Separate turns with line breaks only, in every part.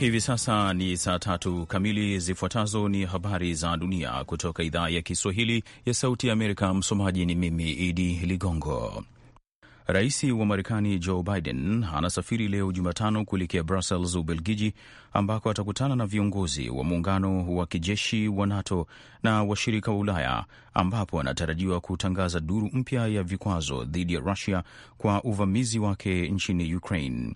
Hivi sasa ni saa tatu kamili. Zifuatazo ni habari za dunia kutoka idhaa ya Kiswahili ya Sauti ya Amerika. Msomaji ni mimi Idi Ligongo. Rais wa Marekani Joe Biden anasafiri leo Jumatano kuelekea Brussels, Ubelgiji, ambako atakutana na viongozi wa muungano wa kijeshi wa NATO na washirika wa Ulaya, ambapo anatarajiwa kutangaza duru mpya ya vikwazo dhidi ya Rusia kwa uvamizi wake nchini Ukraine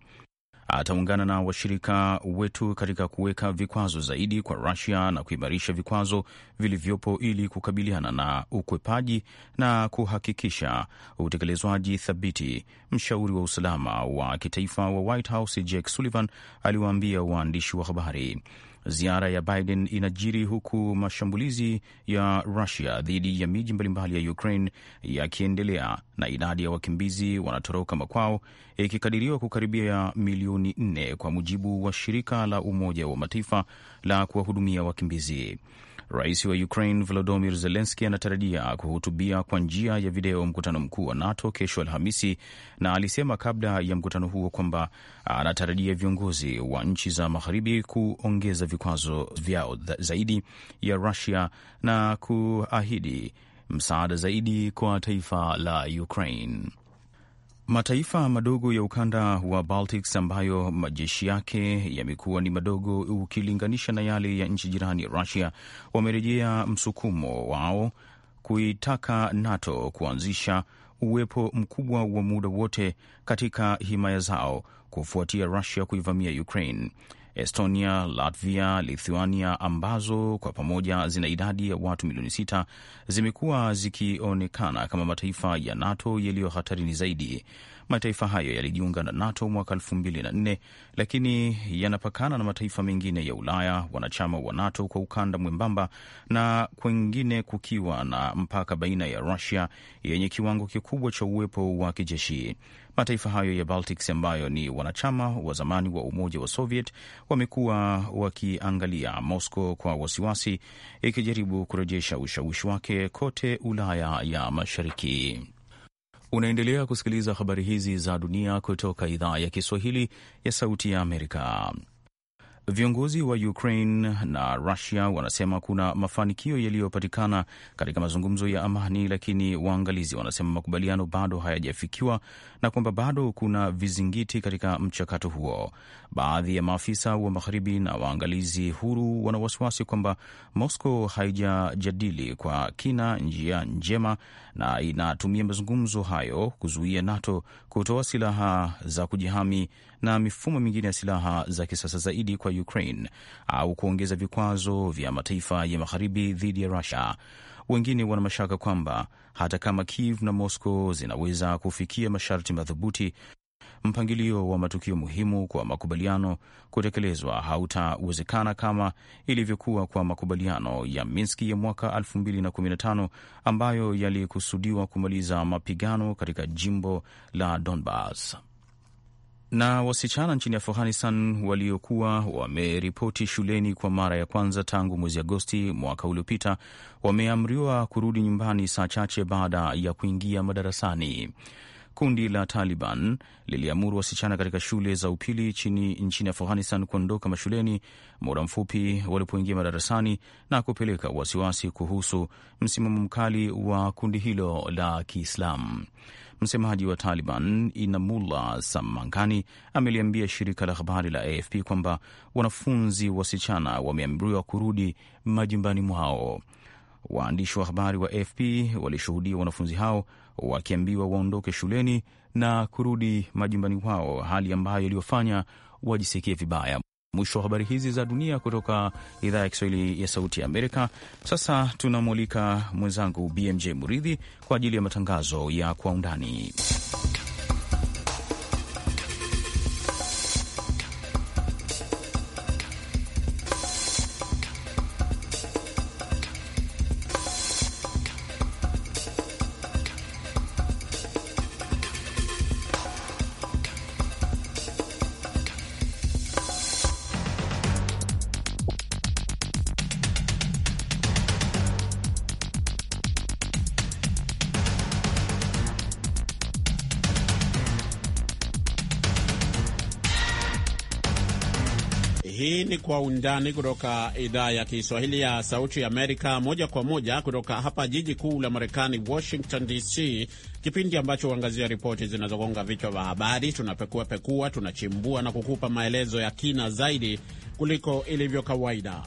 ataungana na washirika wetu katika kuweka vikwazo zaidi kwa Rusia na kuimarisha vikwazo vilivyopo ili kukabiliana na ukwepaji na kuhakikisha utekelezwaji thabiti, mshauri wa usalama wa kitaifa wa White House Jake Sullivan aliwaambia waandishi wa habari. Ziara ya Biden inajiri huku mashambulizi ya Rusia dhidi ya miji mbalimbali ya Ukraine yakiendelea na idadi ya wakimbizi wanatoroka makwao ikikadiriwa kukaribia milioni nne kwa mujibu wa shirika la Umoja wa Mataifa la kuwahudumia wakimbizi. Rais wa Ukraine Volodymyr zelenski anatarajia kuhutubia kwa njia ya video mkutano mkuu wa NATO kesho Alhamisi, na alisema kabla ya mkutano huo kwamba anatarajia viongozi wa nchi za magharibi kuongeza vikwazo vyao zaidi ya Rusia na kuahidi msaada zaidi kwa taifa la Ukraine. Mataifa madogo ya ukanda wa Baltic ambayo majeshi yake yamekuwa ni madogo ukilinganisha na yale ya nchi jirani Russia wamerejea msukumo wao kuitaka NATO kuanzisha uwepo mkubwa wa muda wote katika himaya zao kufuatia Russia kuivamia Ukraine. Estonia, Latvia, Lithuania ambazo kwa pamoja zina idadi ya watu milioni sita zimekuwa zikionekana kama mataifa ya NATO yaliyo hatarini zaidi. Mataifa hayo yalijiunga na NATO mwaka elfu mbili na nne lakini yanapakana na mataifa mengine ya Ulaya wanachama wa NATO kwa ukanda mwembamba na kwengine kukiwa na mpaka baina ya Rusia yenye kiwango kikubwa cha uwepo wa kijeshi. Mataifa hayo ya Baltics ambayo ni wanachama wa zamani wa Umoja wa Soviet wamekuwa wakiangalia Moscow kwa wasiwasi, ikijaribu kurejesha ushawishi wake kote Ulaya ya Mashariki. Unaendelea kusikiliza habari hizi za dunia kutoka idhaa ya Kiswahili ya Sauti ya Amerika. Viongozi wa Ukraine na Rusia wanasema kuna mafanikio yaliyopatikana katika mazungumzo ya amani, lakini waangalizi wanasema makubaliano bado hayajafikiwa na kwamba bado kuna vizingiti katika mchakato huo. Baadhi ya maafisa wa magharibi na waangalizi huru wana wasiwasi kwamba Moscow haijajadili kwa kina njia njema na inatumia mazungumzo hayo kuzuia NATO kutoa silaha za kujihami na mifumo mingine ya silaha za kisasa zaidi kwa Ukraine au kuongeza vikwazo vya mataifa ya magharibi dhidi ya Russia. Wengine wana mashaka kwamba hata kama Kiev na Moscow zinaweza kufikia masharti madhubuti mpangilio wa matukio muhimu kwa makubaliano kutekelezwa hautawezekana kama ilivyokuwa kwa makubaliano ya minski ya mwaka 2015 ambayo yalikusudiwa kumaliza mapigano katika jimbo la Donbas na wasichana nchini Afghanistan waliokuwa wameripoti shuleni kwa mara ya kwanza tangu mwezi Agosti mwaka uliopita wameamriwa kurudi nyumbani saa chache baada ya kuingia madarasani. Kundi la Taliban liliamuru wasichana katika shule za upili chini nchini Afghanistan kuondoka mashuleni muda mfupi walipoingia madarasani na kupeleka wasiwasi kuhusu msimamo mkali wa kundi hilo la Kiislamu. Msemaji wa Taliban Inamullah Samankani ameliambia shirika la habari la AFP kwamba wanafunzi wasichana wameamriwa kurudi majumbani mwao. Waandishi wa habari wa AFP walishuhudia wanafunzi hao wakiambiwa waondoke shuleni na kurudi majumbani kwao, hali ambayo iliyofanya wajisikie vibaya. Mwisho wa habari hizi za dunia kutoka idhaa ya Kiswahili ya Sauti ya Amerika. Sasa tunamwalika mwenzangu BMJ Muridhi kwa ajili ya matangazo ya Kwa Undani.
Kwa Undani kutoka idhaa ya Kiswahili ya Sauti ya Amerika, moja kwa moja kutoka hapa jiji kuu la Marekani, Washington DC, kipindi ambacho huangazia ripoti zinazogonga vichwa vya habari. Tunapekua pekua, tunachimbua na kukupa maelezo ya kina zaidi kuliko ilivyo kawaida.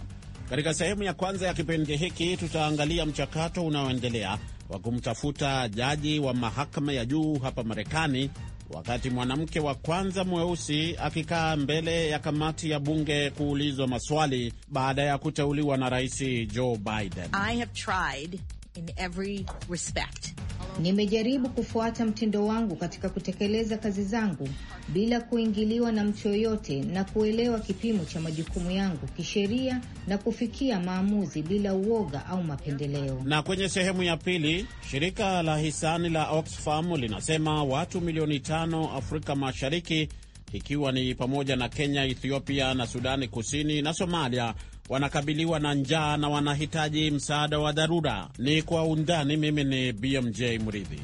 Katika sehemu ya kwanza ya kipindi hiki, tutaangalia mchakato unaoendelea wa kumtafuta jaji wa mahakama ya juu hapa Marekani wakati mwanamke wa kwanza mweusi akikaa mbele ya kamati ya bunge kuulizwa maswali baada ya kuteuliwa na Rais Joe Biden.
I have tried
in every respect Nimejaribu kufuata mtindo wangu katika kutekeleza kazi zangu bila kuingiliwa na mtu yoyote na kuelewa kipimo cha majukumu yangu kisheria na kufikia maamuzi bila uoga au mapendeleo.
Na kwenye sehemu ya pili, shirika la hisani la Oxfam linasema watu milioni tano Afrika Mashariki ikiwa ni pamoja na Kenya, Ethiopia na Sudani Kusini na Somalia wanakabiliwa na njaa na wanahitaji msaada wa dharura. Ni kwa undani. Mimi ni BMJ Mridhi.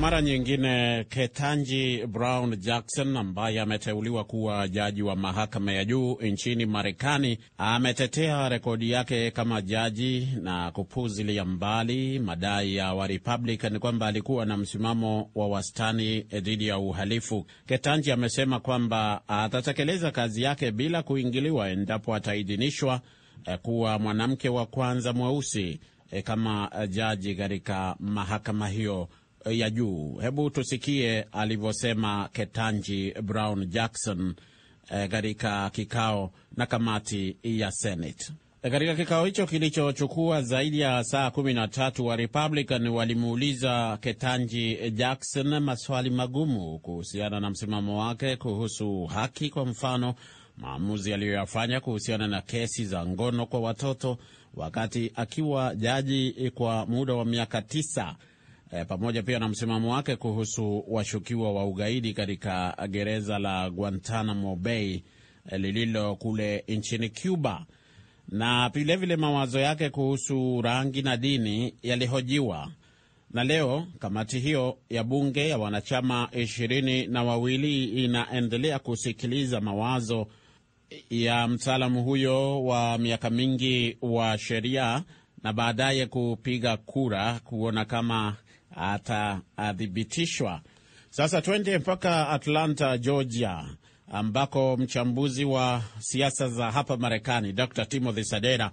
mara nyingine Ketanji Brown Jackson ambaye ameteuliwa kuwa jaji wa mahakama ya juu nchini Marekani ametetea rekodi yake kama jaji na kupuzilia mbali madai ya Warepublican kwamba alikuwa na msimamo wa wastani dhidi ya uhalifu. Ketanji amesema kwamba atatekeleza kazi yake bila kuingiliwa endapo ataidhinishwa eh, kuwa mwanamke wa kwanza mweusi eh, kama jaji katika mahakama hiyo Eh, ya juu. Hebu tusikie alivyosema Ketanji Brown Jackson eh, katika e, kikao na kamati ya Senate. Eh, katika kikao hicho kilichochukua zaidi ya saa kumi na tatu, wa Republican walimuuliza Ketanji Jackson maswali magumu kuhusiana na msimamo wake kuhusu haki, kwa mfano maamuzi aliyoyafanya kuhusiana na kesi za ngono kwa watoto wakati akiwa jaji kwa muda wa miaka tisa e, pamoja pia na msimamo wake kuhusu washukiwa wa ugaidi katika gereza la Guantanamo Bay e, lililo kule nchini Cuba na vilevile mawazo yake kuhusu rangi na dini yalihojiwa. Na leo kamati hiyo ya bunge ya wanachama ishirini na wawili inaendelea kusikiliza mawazo ya mtaalamu huyo wa miaka mingi wa sheria na baadaye kupiga kura kuona kama atathibitishwa. Sasa twende mpaka Atlanta, Georgia, ambako mchambuzi wa siasa za hapa Marekani Dr Timothy Sadera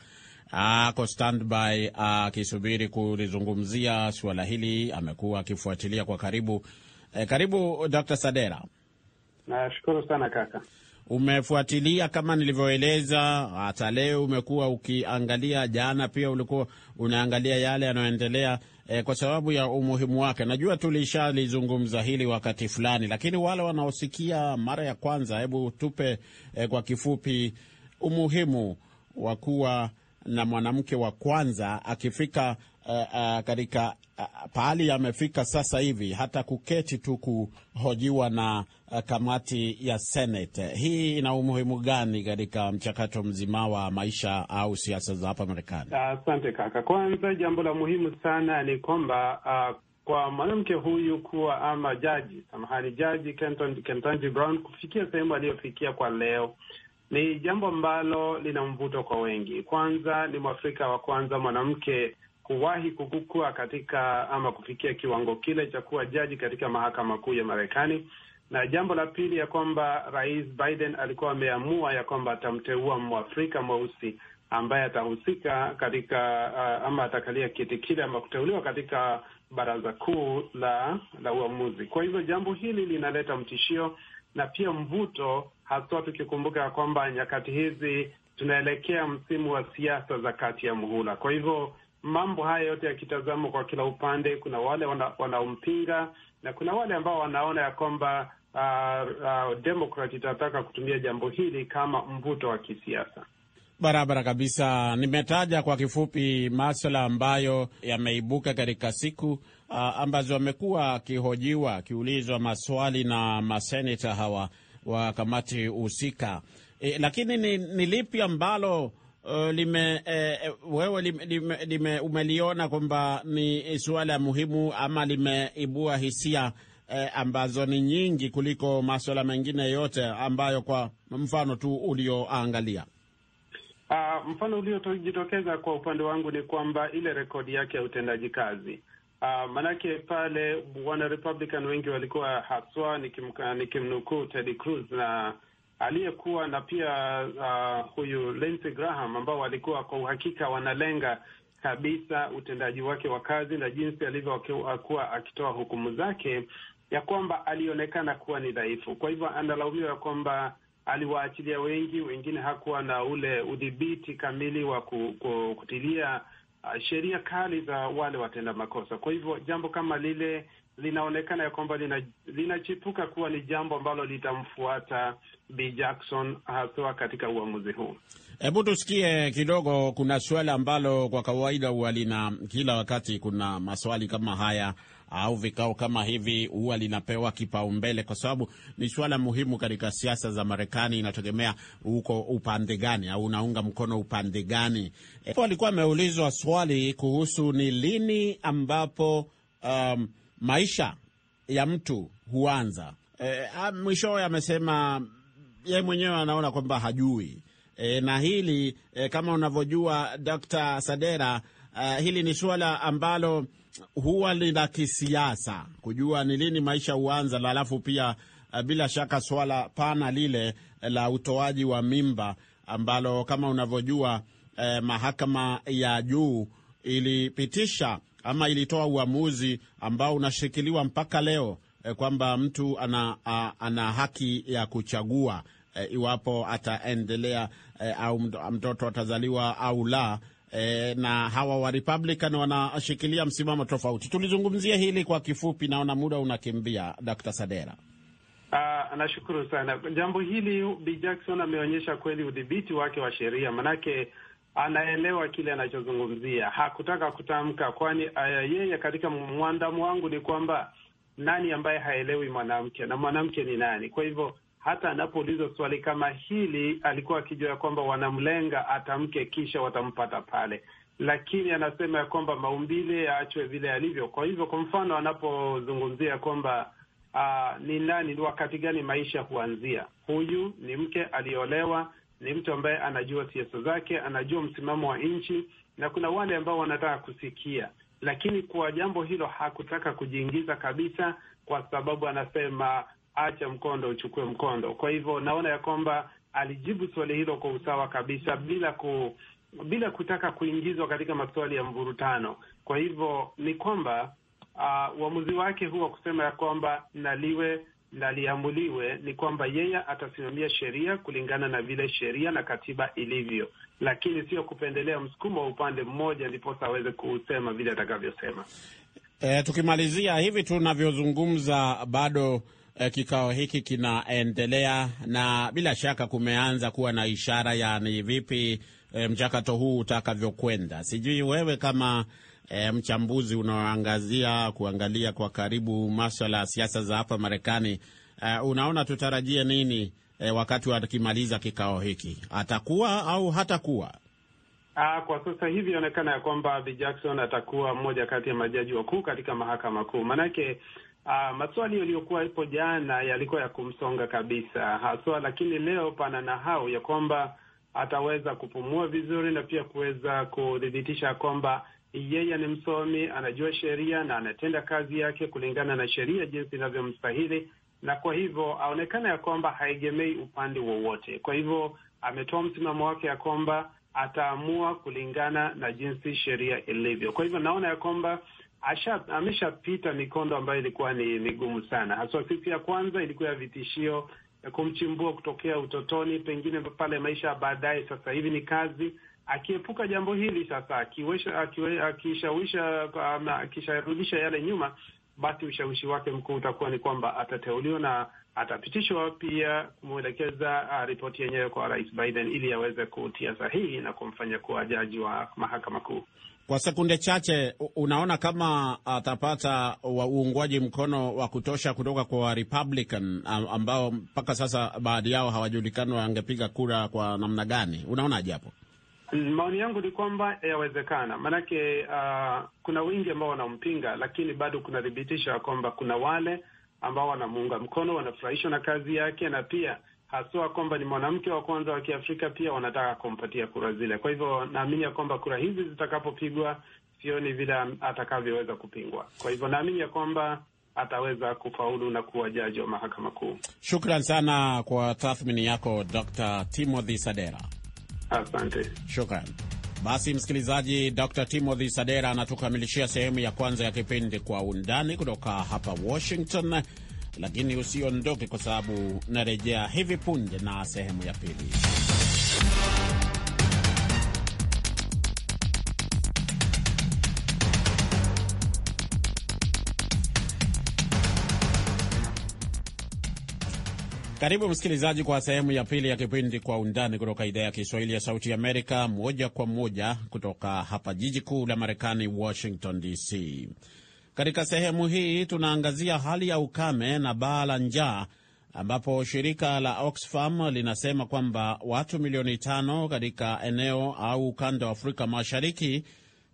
ako standby akisubiri kulizungumzia suala hili. Amekuwa akifuatilia kwa karibu. E, karibu Dr Sadera.
Nashukuru sana kaka.
Umefuatilia kama nilivyoeleza, hata leo umekuwa ukiangalia, jana pia ulikuwa unaangalia yale yanayoendelea eh, kwa sababu ya umuhimu wake. Najua tulishalizungumza hili wakati fulani, lakini wale wanaosikia mara ya kwanza, hebu tupe eh, kwa kifupi umuhimu wa kuwa na mwanamke wa kwanza akifika uh, uh, katika uh, pahali yamefika sasa hivi hata kuketi tu kuhojiwa na uh, kamati ya Senate. Hii ina umuhimu gani katika mchakato mzima wa maisha au siasa za hapa Marekani?
Asante uh, kaka. Kwanza jambo la muhimu sana ni kwamba uh, kwa mwanamke huyu kuwa ama jaji, samahani, jaji Ketanji Brown kufikia sehemu aliyofikia kwa leo ni jambo ambalo lina mvuto kwa wengi. Kwanza ni mwafrika wa kwanza mwanamke kuwahi kukukua katika ama kufikia kiwango kile cha kuwa jaji katika mahakama kuu ya Marekani, na jambo la pili ya kwamba Rais Biden alikuwa ameamua ya kwamba atamteua Mwafrika mweusi ambaye atahusika katika uh, ama atakalia kiti kile ama kuteuliwa katika baraza kuu la la uamuzi. Kwa hivyo jambo hili linaleta mtishio na pia mvuto, haswa tukikumbuka ya kwamba nyakati hizi tunaelekea msimu wa siasa za kati ya muhula. Kwa hivyo mambo haya yote yakitazamwa kwa kila upande, kuna wale wanaompinga wana na kuna wale ambao wanaona ya kwamba uh, uh, Demokrat itataka kutumia jambo hili kama mvuto wa kisiasa.
Barabara kabisa. Nimetaja kwa kifupi maswala ambayo yameibuka katika siku uh, ambazo wamekuwa akihojiwa akiulizwa maswali na maseneta hawa wa kamati husika. E, lakini ni, ni lipi ambalo Eh, lime, eh, eh, wewe lime, lime, lime, umeliona kwamba ni suala muhimu ama limeibua hisia eh, ambazo ni nyingi kuliko maswala mengine yote ambayo kwa mfano tu ulioangalia?
Uh, mfano uliojitokeza kwa upande wangu ni kwamba ile rekodi yake ya utendaji kazi Uh, ah, maanake pale wana Republican wengi walikuwa haswa, nikimnukuu Ted Cruz na aliyekuwa na pia uh, huyu Lindsey Graham ambao walikuwa kwa uhakika wanalenga kabisa utendaji wake wa kazi na jinsi alivyokuwa uh, akitoa hukumu zake, ya kwamba alionekana kuwa ni dhaifu. Kwa hivyo analaumiwa kwamba aliwaachilia wengi, wengine hakuwa na ule udhibiti kamili wa kutilia uh, sheria kali za wale watenda makosa. Kwa hivyo jambo kama lile linaonekana ya kwamba linachipuka lina kuwa ni jambo ambalo litamfuata B Jackson haswa katika uamuzi huu.
Hebu tusikie kidogo. Kuna suala ambalo kwa kawaida huwa lina kila wakati, kuna maswali kama haya au vikao kama hivi huwa linapewa kipaumbele kwa sababu ni suala muhimu katika siasa za Marekani. Inategemea uko upande gani au unaunga mkono upande gani. Alikuwa ameulizwa swali kuhusu ni lini ambapo um, maisha ya mtu huanza e, mwishowe amesema yeye mwenyewe anaona kwamba hajui e, na hili e, kama unavyojua Dr. Sadera Uh, hili ni suala ambalo huwa ni la kisiasa kujua ni lini maisha huanza, alafu pia uh, bila shaka swala pana lile la utoaji wa mimba ambalo kama unavyojua eh, mahakama ya juu ilipitisha ama ilitoa uamuzi ambao unashikiliwa mpaka leo eh, kwamba mtu ana, a, ana haki ya kuchagua eh, iwapo ataendelea eh, au mtoto atazaliwa au la. E, na hawa wa Republican wanashikilia msimamo tofauti. Tulizungumzia hili kwa kifupi, naona muda unakimbia. Dr. Sadera.
Uh, nashukuru sana. Jambo hili Bi Jackson ameonyesha kweli udhibiti wake wa sheria, manake anaelewa kile anachozungumzia. Hakutaka kutamka, kwani uh, yeye katika mwandamu wangu ni kwamba nani ambaye haelewi mwanamke na mwanamke ni nani? Kwa hivyo hata anapoulizwa swali kama hili alikuwa akijua ya kwamba wanamlenga atamke, kisha watampata pale, lakini anasema ya kwamba maumbile yaachwe vile yalivyo. Kwa hivyo, kwa mfano, anapozungumzia kwamba Uh, ni nani, ni wakati gani maisha huanzia? Huyu ni mke aliyeolewa, ni mtu ambaye anajua siasa zake, anajua msimamo wa nchi, na kuna wale ambao wanataka kusikia, lakini kwa jambo hilo hakutaka kujiingiza kabisa, kwa sababu anasema acha mkondo uchukue mkondo. Kwa hivyo naona ya kwamba alijibu swali hilo kwa usawa kabisa, bila ku bila kutaka kuingizwa katika maswali ya mvurutano. Kwa hivyo ni kwamba ah, uamuzi uh, wake huwa kusema ya kwamba naliwe la liambuliwe ni kwamba yeye atasimamia sheria kulingana na vile sheria na katiba ilivyo, lakini sio kupendelea msukumo wa upande mmoja, ndiposa aweze kusema vile atakavyosema.
E, tukimalizia hivi tunavyozungumza bado e, kikao hiki kinaendelea na bila shaka kumeanza kuwa na ishara ya ni vipi e, mchakato huu utakavyokwenda. Sijui wewe kama e, mchambuzi unaoangazia kuangalia kwa karibu maswala ya siasa za hapa Marekani, e, unaona tutarajie nini e, wakati akimaliza kikao hiki, atakuwa au hatakuwa?
Aa, ah, kwa sasa hivi inaonekana ya kwamba Bi Jackson atakuwa mmoja kati ya majaji wakuu katika mahakama kuu maanake Uh, ah, maswali yaliyokuwa ipo jana yalikuwa ya kumsonga kabisa haswa, lakini leo pana nahau ya kwamba ataweza kupumua vizuri na pia kuweza kuthibitisha kwamba yeye ni msomi, anajua sheria na anatenda kazi yake kulingana na sheria jinsi inavyomstahili, na kwa hivyo aonekana ya kwamba haegemei upande wowote. Kwa hivyo ametoa msimamo wake ya kwamba ataamua kulingana na jinsi sheria ilivyo. Kwa hivyo naona ya kwamba ameshapita mikondo ambayo ilikuwa ni migumu sana, haswa siku ya kwanza ilikuwa ya vitishio ya kumchimbua kutokea utotoni, pengine pale maisha ya baadaye. Sasa hivi ni kazi Akiepuka jambo hili sasa, akishawisha akisharudisha yale nyuma, basi ushawishi wake mkuu utakuwa ni kwamba atateuliwa na atapitishwa pia kumwelekeza ah, ripoti yenyewe kwa Rais Biden ili aweze kutia sahihi na kumfanya kuwa jaji wa mahakama kuu.
Kwa sekunde chache, unaona kama atapata uungwaji mkono wa kutosha kutoka kwa Republican ambao mpaka sasa baadhi yao hawajulikani wangepiga kura kwa namna gani? Unaonaje hapo?
Maoni yangu ni kwamba yawezekana, maanake uh, kuna wengi ambao wanampinga, lakini bado kuna thibitisho ya kwamba kuna wale ambao wanamuunga mkono, wanafurahishwa na kazi yake, na pia haswa kwamba ni mwanamke wa kwanza wa Kiafrika, pia wanataka kumpatia kura zile. Kwa hivyo naamini ya kwamba kura hizi zitakapopigwa, sioni vile atakavyoweza kupingwa. Kwa hivyo naamini ya kwamba ataweza kufaulu na kuwa jaji wa mahakama kuu.
Shukran sana kwa tathmini yako Dr. Timothy Sadera. Asante, shukran. Basi msikilizaji, Dr Timothy Sadera anatukamilishia sehemu ya kwanza ya kipindi Kwa Undani kutoka hapa Washington, lakini usiondoke, kwa sababu narejea hivi punde na sehemu ya pili. Karibu msikilizaji, kwa sehemu ya pili ya kipindi Kwa Undani kutoka idhaa ya Kiswahili ya Sauti Amerika, moja kwa moja kutoka hapa jiji kuu la Marekani, Washington DC. Katika sehemu hii tunaangazia hali ya ukame na baa la njaa, ambapo shirika la Oxfam linasema kwamba watu milioni tano katika eneo au ukanda wa Afrika Mashariki,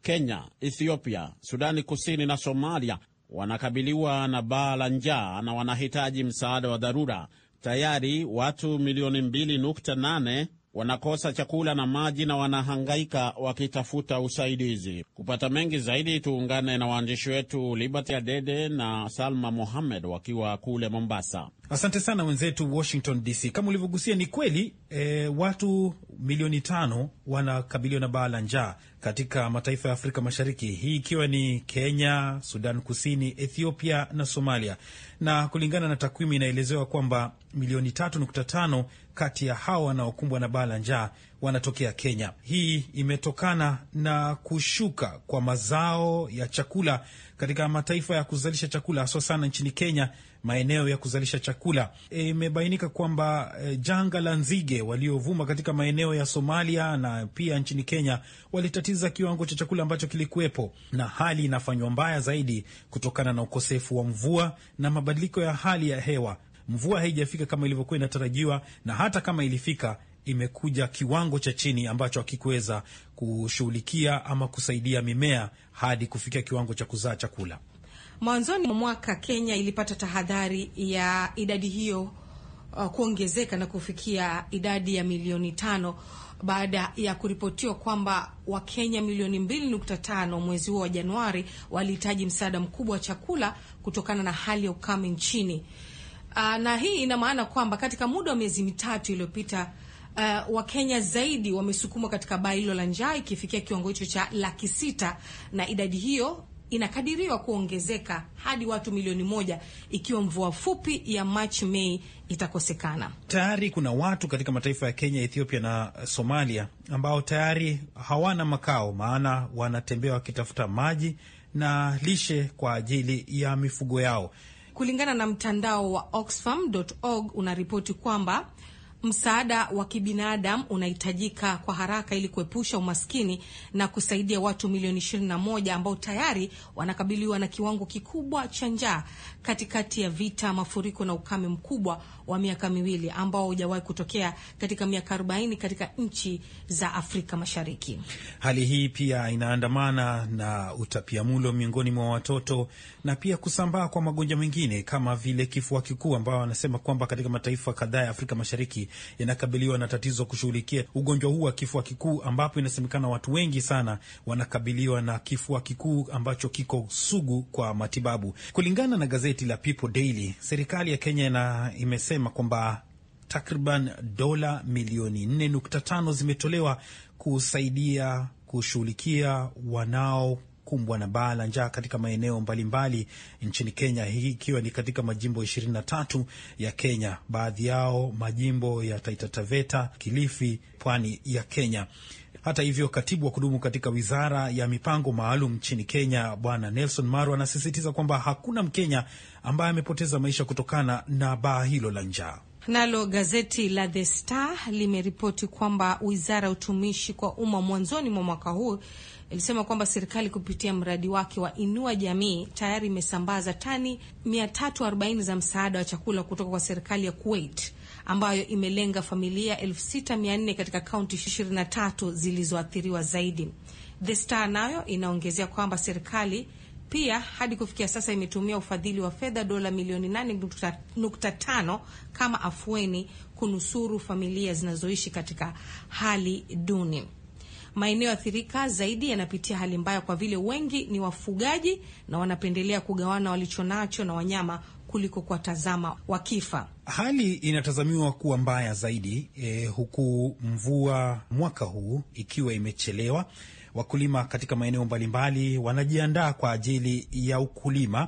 Kenya, Ethiopia, Sudani Kusini na Somalia wanakabiliwa na baa la njaa na wanahitaji msaada wa dharura Tayari watu milioni 2.8 wanakosa chakula na maji na wanahangaika wakitafuta usaidizi. Kupata mengi zaidi, tuungane na waandishi wetu Liberty Adede na Salma Mohamed wakiwa kule Mombasa.
Asante sana wenzetu Washington DC. Kama ulivyogusia, ni kweli e, watu milioni tano wanakabiliwa na baa la njaa katika mataifa ya Afrika Mashariki, hii ikiwa ni Kenya, Sudan Kusini, Ethiopia na Somalia. Na kulingana na takwimu, inaelezewa kwamba milioni tatu nukta tano kati ya hawa wanaokumbwa na baa la njaa wanatokea Kenya. Hii imetokana na kushuka kwa mazao ya chakula katika mataifa ya kuzalisha chakula haswa sana nchini Kenya, maeneo ya kuzalisha chakula. Imebainika e, kwamba e, janga la nzige waliovuma katika maeneo ya Somalia na pia nchini Kenya walitatiza kiwango cha chakula ambacho kilikuwepo, na hali inafanywa mbaya zaidi kutokana na ukosefu wa mvua na mabadiliko ya hali ya hewa mvua haijafika kama ilivyokuwa inatarajiwa, na hata kama ilifika imekuja kiwango cha chini ambacho hakikuweza kushughulikia ama kusaidia mimea hadi kufikia kiwango cha kuzaa chakula.
Mwanzoni mwa mwaka Kenya ilipata tahadhari ya idadi hiyo uh, kuongezeka na kufikia idadi ya milioni tano baada ya kuripotiwa kwamba Wakenya milioni 2.5 mwezi huo wa Januari walihitaji msaada mkubwa wa chakula kutokana na hali ya ukame nchini. Uh, na hii ina maana kwamba katika muda wa miezi mitatu iliyopita Uh, Wakenya zaidi wamesukumwa katika baa hilo la njaa ikifikia kiwango hicho cha laki sita na idadi hiyo inakadiriwa kuongezeka hadi watu milioni moja ikiwa mvua fupi ya Machi Mei itakosekana.
Tayari kuna watu katika mataifa ya Kenya, Ethiopia na Somalia ambao tayari hawana makao, maana wanatembea wakitafuta maji na lishe kwa ajili ya mifugo yao.
Kulingana na mtandao wa Oxfam.org unaripoti kwamba msaada wa kibinadamu unahitajika kwa haraka ili kuepusha umaskini na kusaidia watu milioni 21 ambao tayari wanakabiliwa na kiwango kikubwa cha njaa katikati ya vita, mafuriko na ukame mkubwa wa miaka miwili ambao hujawahi kutokea katika miaka 40 katika nchi za Afrika Mashariki.
Hali hii pia inaandamana na utapiamlo miongoni mwa watoto na pia kusambaa kwa magonjwa mengine kama vile kifua kikuu, ambao wanasema kwamba katika mataifa kadhaa ya Afrika Mashariki yanakabiliwa na tatizo kushughulikia ugonjwa huu wa kifua kikuu, ambapo inasemekana watu wengi sana wanakabiliwa na kifua kikuu ambacho kiko sugu kwa matibabu. Kulingana na gazeti la People Daily, serikali ya Kenya na imesema kwamba takriban dola milioni 4.5 zimetolewa kusaidia kushughulikia wanao kukumbwa na baa la njaa katika maeneo mbalimbali nchini Kenya, hii ikiwa ni katika majimbo 23 ya Kenya, baadhi yao majimbo ya Taita Taveta, Kilifi, pwani ya Kenya. Hata hivyo katibu wa kudumu katika wizara ya mipango maalum nchini Kenya, Bwana Nelson Maro, anasisitiza kwamba hakuna Mkenya ambaye amepoteza maisha kutokana na baa hilo la njaa.
Nalo gazeti la The Star limeripoti kwamba wizara ya utumishi kwa umma mwanzoni mwa mwaka huu ilisema kwamba serikali kupitia mradi wake wa Inua Jamii tayari imesambaza tani 340 za msaada wa chakula kutoka kwa serikali ya Kuwait ambayo imelenga familia 6400 katika kaunti 23 zilizoathiriwa zaidi. The Star nayo inaongezea kwamba serikali pia hadi kufikia sasa imetumia ufadhili wa fedha dola milioni 8.5 kama afueni kunusuru familia zinazoishi katika hali duni. Maeneo athirika zaidi yanapitia hali mbaya kwa vile wengi ni wafugaji na wanapendelea kugawana walichonacho na wanyama kuliko kuwatazama wakifa.
Hali inatazamiwa kuwa mbaya zaidi eh, huku mvua mwaka huu ikiwa imechelewa Wakulima katika maeneo mbalimbali wanajiandaa kwa ajili ya ukulima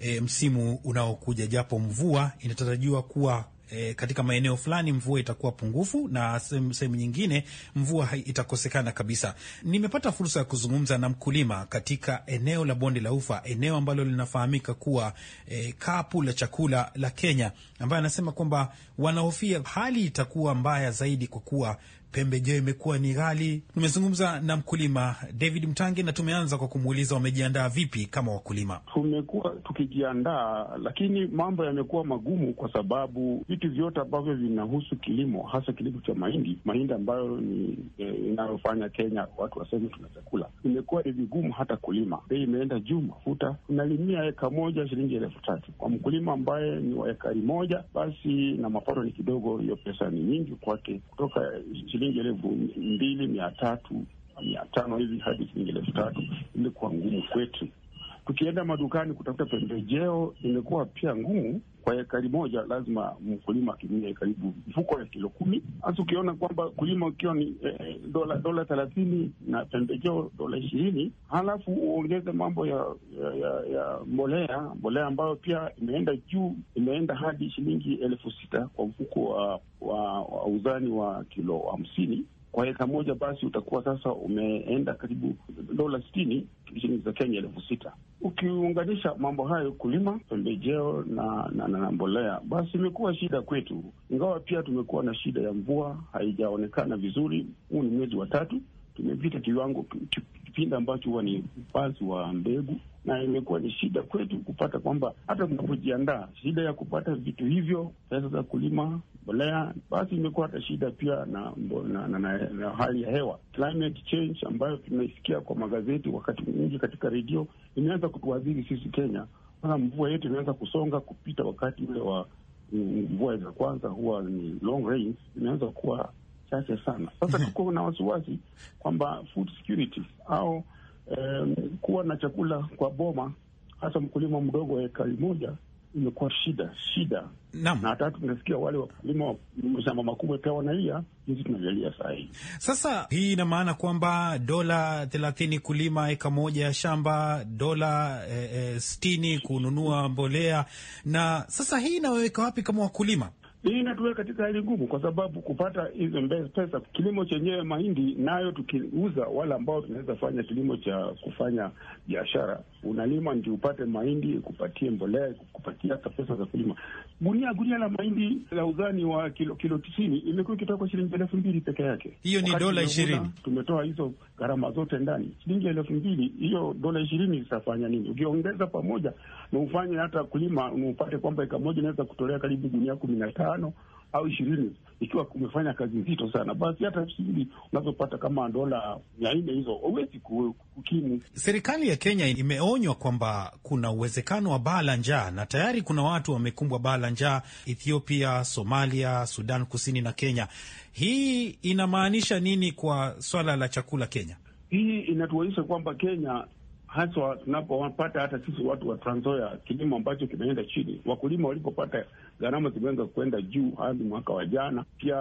e, msimu unaokuja, japo mvua inatarajiwa kuwa E, katika maeneo fulani mvua itakuwa pungufu na sehemu nyingine mvua itakosekana kabisa. Nimepata fursa ya kuzungumza na mkulima katika eneo la bonde la Ufa, eneo ambalo linafahamika kuwa e, kapu la chakula la Kenya, ambaye anasema kwamba wanahofia hali itakuwa mbaya zaidi kwa kuwa pembejeo imekuwa ni ghali. Nimezungumza na mkulima David Mtange na tumeanza kwa kumuuliza wamejiandaa vipi kama wakulima.
Tumekuwa tukijiandaa, lakini mambo yamekuwa magumu kwa sababu vitu vyote ambavyo vinahusu kilimo, hasa kilimo cha mahindi, mahindi ambayo ni e, inayofanya Kenya watu waseme tuna chakula, imekuwa ni vigumu hata kulima. Bei imeenda juu, mafuta unalimia eka moja shilingi elfu tatu kwa mkulima ambaye ni wa ekari moja, basi na mapato ni kidogo, hiyo pesa ni nyingi kwake kutoka shilingi shilingi elfu mbili mia tatu mia tano hivi hadi shilingi elfu tatu imekuwa ngumu kwetu tukienda madukani kutafuta pembejeo imekuwa pia ngumu. Kwa ekari moja lazima mkulima atumie karibu mfuko ya kilo kumi, hasa ukiona kwamba kulima ukiwa ni eh, dola dola thelathini na pembejeo dola ishirini, halafu uongeze mambo ya ya, ya ya mbolea mbolea ambayo pia imeenda juu, imeenda hadi shilingi elfu sita kwa mfuko wa, wa, wa uzani wa kilo hamsini kwa eka moja basi utakuwa sasa umeenda karibu dola sitini shilingi za Kenya elfu sita. Ukiunganisha mambo hayo, kulima pembejeo na, na, na, na mbolea, basi imekuwa shida kwetu, ingawa pia tumekuwa na shida ya mvua, haijaonekana vizuri. Huu ni mwezi wa tatu, tumepita kiwango kipindi ambacho huwa ni upazi wa mbegu na imekuwa ni shida kwetu kupata kwamba hata tunapojiandaa, shida ya kupata vitu hivyo, pesa za kulima, mbolea, basi imekuwa hata shida pia na, na, na, na, na hali ya hewa climate change ambayo tunaisikia kwa magazeti wakati mwingi katika redio imeanza kutuadhiri sisi Kenya. Maana mvua yetu inaweza kusonga kupita wakati ule wa mvua za kwanza huwa ni long rains, kuwa chache sana. Sasa tuko na wasiwasi kwamba food security au um, kuwa na chakula kwa boma, hasa mkulima mdogo wa hekari moja imekuwa shida shida Naam. Na hata tunasikia wale wakulima wa mashamba makubwa pia wanalia, hizi tunajalia
saa hii. Sasa hii ina maana kwamba dola thelathini kulima eka moja ya shamba, dola eh, eh, sitini e, kununua mbolea. Na sasa hii inaweka wapi kama wakulima? Hii inatuweka katika hali ngumu, kwa sababu kupata hizo pesa,
kilimo chenyewe mahindi nayo tukiuza, wale ambao tunaweza fanya kilimo cha kufanya biashara unalima ndio upate mahindi, kupatie mbolea, kupatia hata pesa za kulima. Gunia gunia la mahindi la uzani wa kilo kilo tisini imekuwa ikitoka kwa shilingi elfu mbili peke yake. Hiyo ni dola ishirini. Tumetoa hizo gharama zote ndani, shilingi elfu mbili. Hiyo dola ishirini zitafanya nini? Ukiongeza pamoja na ufanye hata kulima, upate kwamba eka moja inaweza kutolea karibu gunia kumi na tano au ishirini, ikiwa umefanya kazi nzito sana, basi hata shilingi unazopata kama dola mia nne hizo huwezi kukimu.
Serikali ya Kenya imeonywa kwamba kuna uwezekano wa baa la njaa na tayari kuna watu wamekumbwa baa la njaa Ethiopia, Somalia, Sudan Kusini na Kenya. Hii inamaanisha nini kwa swala la chakula Kenya?
Hii inatuonyesha kwamba Kenya haswa tunapopata hata sisi watu wa Trans Nzoia, kilimo ambacho kimeenda chini, wakulima walipopata gharama zimeweza kwenda juu hadi mwaka wa jana. Pia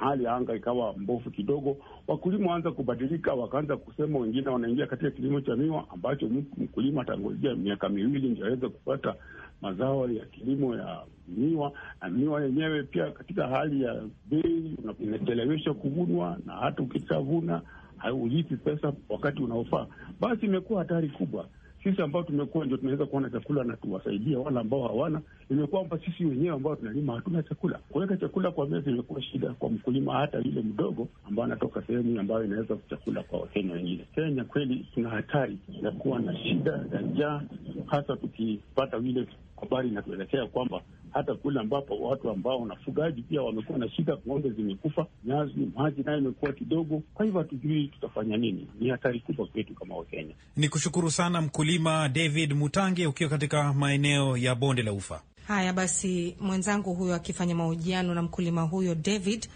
hali ya anga ikawa mbovu kidogo, wakulima waanza kubadilika, wakaanza kusema, wengine wanaingia katika kilimo cha miwa ambacho mkulima atangojea miaka miwili ndio aweze kupata mazao ya kilimo ya miwa, na miwa yenyewe pia katika hali ya bei inacheleweshwa kuvunwa, na hata ukishavuna haulipi pesa wakati unaofaa, basi imekuwa hatari kubwa sisi ambao tumekuwa ndio tunaweza kuona chakula na tuwasaidia wale ambao hawana. Imekuwa kwamba sisi wenyewe ambao tunalima hatuna chakula, kuweka chakula kwa meza imekuwa shida kwa mkulima, hata yule mdogo ambao anatoka sehemu ambayo inaweza chakula kwa wakenya wengine. Kenya kweli tuna hatari ya kuwa na shida ya njaa, hasa tukipata vile habari inatuelekea kwamba hata kule ambapo watu ambao wanafugaji pia wamekuwa na shida, ng'ombe zimekufa, nyazi, maji nayo imekuwa kidogo. Kwa hivyo hatujui tutafanya nini, ni hatari kubwa kwetu kama Wakenya.
Ni kushukuru sana mkulima David Mutange ukiwa katika maeneo ya bonde la Ufa.
Haya basi, mwenzangu huyo akifanya mahojiano na mkulima huyo David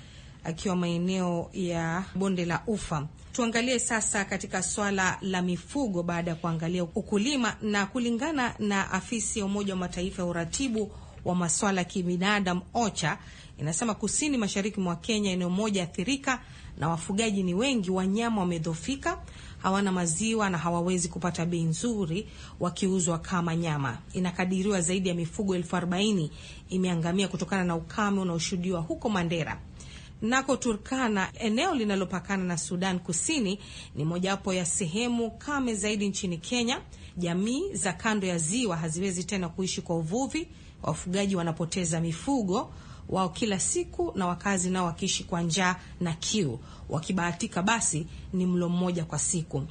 akiwa maeneo ya bonde la Ufa. Tuangalie sasa katika swala la mifugo, baada ya kuangalia ukulima na kulingana na afisi ya Umoja wa Mataifa ya uratibu wa maswala ya kibinadamu OCHA inasema kusini mashariki mwa Kenya, eneo moja athirika na wafugaji ni wengi, wanyama wamedhofika, hawana maziwa na hawawezi kupata bei nzuri wakiuzwa kama nyama. Inakadiriwa zaidi ya mifugo elfu arobaini imeangamia kutokana na ukame unaoshuhudiwa huko Mandera. Nako Turkana, eneo linalopakana na Sudan Kusini, ni mojawapo ya sehemu kame zaidi nchini Kenya. Jamii za kando ya ziwa haziwezi tena kuishi kwa uvuvi wafugaji wanapoteza mifugo wao kila siku na wakazi nao wakiishi kwa njaa na kiu, wakibahatika basi ni mlo mmoja kwa siku.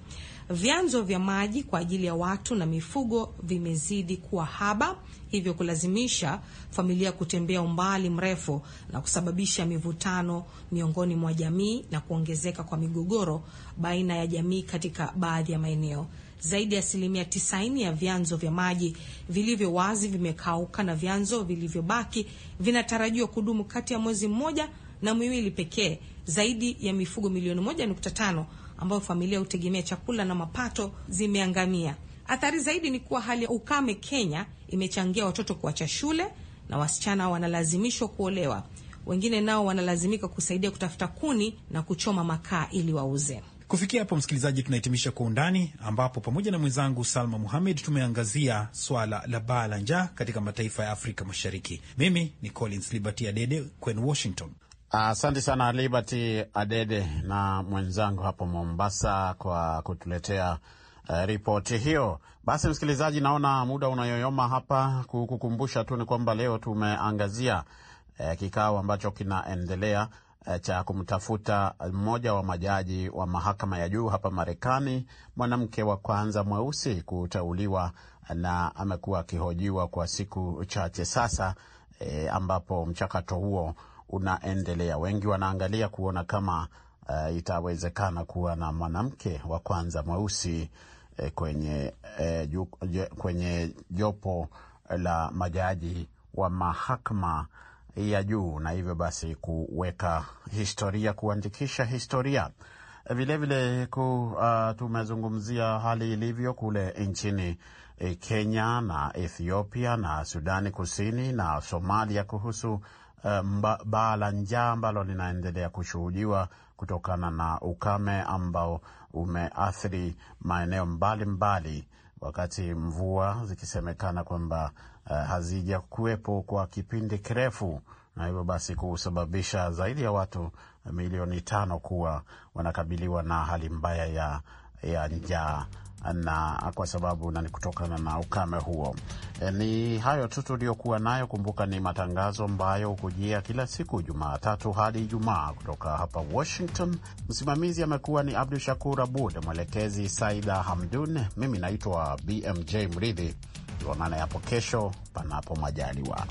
Vyanzo vya maji kwa ajili ya watu na mifugo vimezidi kuwa haba, hivyo kulazimisha familia kutembea umbali mrefu na kusababisha mivutano miongoni mwa jamii na kuongezeka kwa migogoro baina ya jamii katika baadhi ya maeneo. Zaidi ya asilimia 90 ya vyanzo vya maji vilivyo wazi vimekauka na vyanzo vilivyobaki vinatarajiwa kudumu kati ya mwezi mmoja na miwili pekee. Zaidi ya mifugo milioni 1.5 ambayo familia hutegemea chakula na mapato zimeangamia. Athari zaidi ni kuwa hali ya ukame Kenya imechangia watoto kuacha shule na wasichana wanalazimishwa kuolewa. Wengine nao wanalazimika kusaidia kutafuta kuni na kuchoma makaa ili wauze.
Kufikia hapo, msikilizaji, tunahitimisha Kwa Undani, ambapo pamoja na mwenzangu Salma Muhamed tumeangazia swala la baa la njaa katika mataifa ya Afrika Mashariki. Mimi ni Collins Liberty Adede kwenu Washington.
Asante uh, sana Liberty Adede na mwenzangu hapo Mombasa kwa kutuletea uh, ripoti hiyo. Basi msikilizaji, naona muda unayoyoma hapa. Kukukumbusha tu ni kwamba leo tumeangazia uh, kikao ambacho kinaendelea Eh, cha kumtafuta mmoja wa majaji wa mahakama ya juu hapa Marekani, mwanamke wa kwanza mweusi kuteuliwa, na amekuwa akihojiwa kwa siku chache sasa, e, ambapo mchakato huo unaendelea. Wengi wanaangalia kuona kama e, itawezekana kuwa na mwanamke wa kwanza mweusi e, kwenye, e, juk, kwenye jopo la majaji wa mahakama ya juu na hivyo basi kuweka historia, kuandikisha historia. Vilevile uh, tumezungumzia hali ilivyo kule nchini e, Kenya na Ethiopia na Sudani Kusini na Somalia kuhusu uh, baa la njaa ambalo linaendelea kushuhudiwa kutokana na ukame ambao umeathiri maeneo mbalimbali mbali, wakati mvua zikisemekana kwamba uh, eh, kuwepo kwa kipindi kirefu, na hivyo basi kusababisha zaidi ya watu milioni tano kuwa wanakabiliwa na hali mbaya ya, ya njaa na kwa sababu na ni kutokana na ukame huo. E, ni hayo tu tuliyokuwa nayo. Kumbuka ni matangazo ambayo hukujia kila siku Jumatatu hadi Ijumaa kutoka hapa Washington. Msimamizi amekuwa ni Abdu Shakur Abud, mwelekezi Saida Hamdun, mimi naitwa BMJ Mridhi. Tuonane hapo yapo kesho, panapo majaliwa.